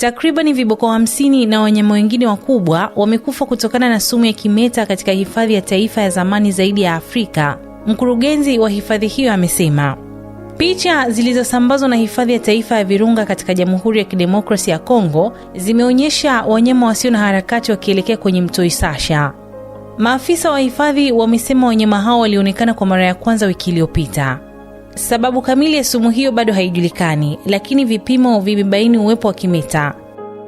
Takribani viboko hamsini na wanyama wengine wakubwa wamekufa kutokana na sumu ya kimeta katika hifadhi ya taifa ya zamani zaidi ya Afrika. Mkurugenzi wa hifadhi hiyo amesema picha zilizosambazwa na hifadhi ya taifa ya Virunga katika Jamhuri ya Kidemokrasi ya Kongo zimeonyesha wanyama wasio na harakati wakielekea kwenye mto Isasha. Maafisa wa hifadhi wamesema wanyama hao walionekana kwa mara ya kwanza wiki iliyopita. Sababu kamili ya sumu hiyo bado haijulikani, lakini vipimo vimebaini uwepo wa kimeta.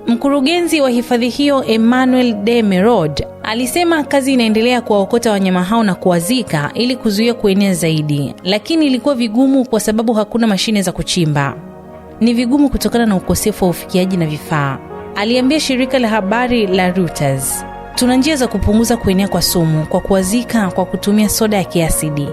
Mkurugenzi wa hifadhi hiyo Emmanuel de Merod alisema kazi inaendelea kuwaokota wanyama hao na kuwazika ili kuzuia kuenea zaidi, lakini ilikuwa vigumu kwa sababu hakuna mashine za kuchimba. Ni vigumu kutokana na ukosefu wa ufikiaji na vifaa, aliambia shirika la habari la Reuters. Tuna njia za kupunguza kuenea kwa sumu kwa kuwazika kwa kutumia soda ya kiasidi.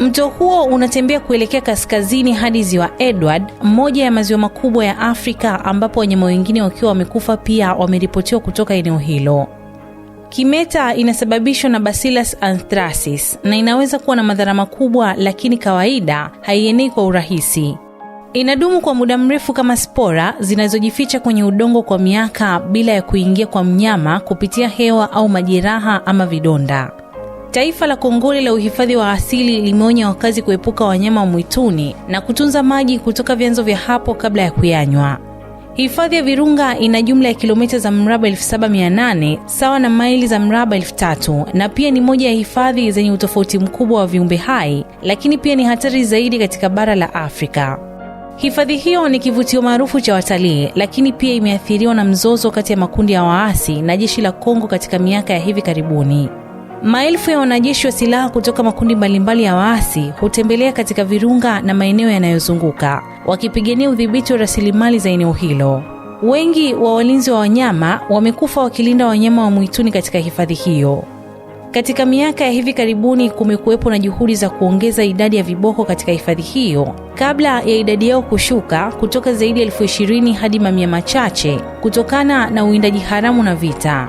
Mto huo unatembea kuelekea kaskazini hadi ziwa Edward, moja ya maziwa makubwa ya Afrika, ambapo wanyama wengine wakiwa wamekufa pia wameripotiwa kutoka eneo hilo. Kimeta inasababishwa na Bacillus anthracis na inaweza kuwa na madhara makubwa, lakini kawaida haienei kwa urahisi. Inadumu kwa muda mrefu kama spora zinazojificha kwenye udongo kwa miaka bila ya kuingia kwa mnyama kupitia hewa au majeraha ama vidonda. Taifa la Kongole la uhifadhi wa asili limeonya wakazi kuepuka wanyama wa mwituni na kutunza maji kutoka vyanzo vya hapo kabla ya kuyanywa. Hifadhi ya Virunga ina jumla ya kilomita za mraba 7800 sawa na maili za mraba 3000 na pia ni moja ya hifadhi zenye utofauti mkubwa wa viumbe hai, lakini pia ni hatari zaidi katika bara la Afrika. Hifadhi hiyo ni kivutio maarufu cha watalii, lakini pia imeathiriwa na mzozo kati ya makundi ya waasi na jeshi la Kongo katika miaka ya hivi karibuni. Maelfu ya wanajeshi wa silaha kutoka makundi mbalimbali ya waasi hutembelea katika Virunga na maeneo yanayozunguka wakipigania udhibiti wa rasilimali za eneo hilo. Wengi wa walinzi wa wanyama wamekufa wakilinda wanyama wa mwituni katika hifadhi hiyo. Katika miaka ya hivi karibuni kumekuwepo na juhudi za kuongeza idadi ya viboko katika hifadhi hiyo kabla ya idadi yao kushuka kutoka zaidi ya elfu ishirini hadi mamia machache kutokana na uwindaji haramu na vita.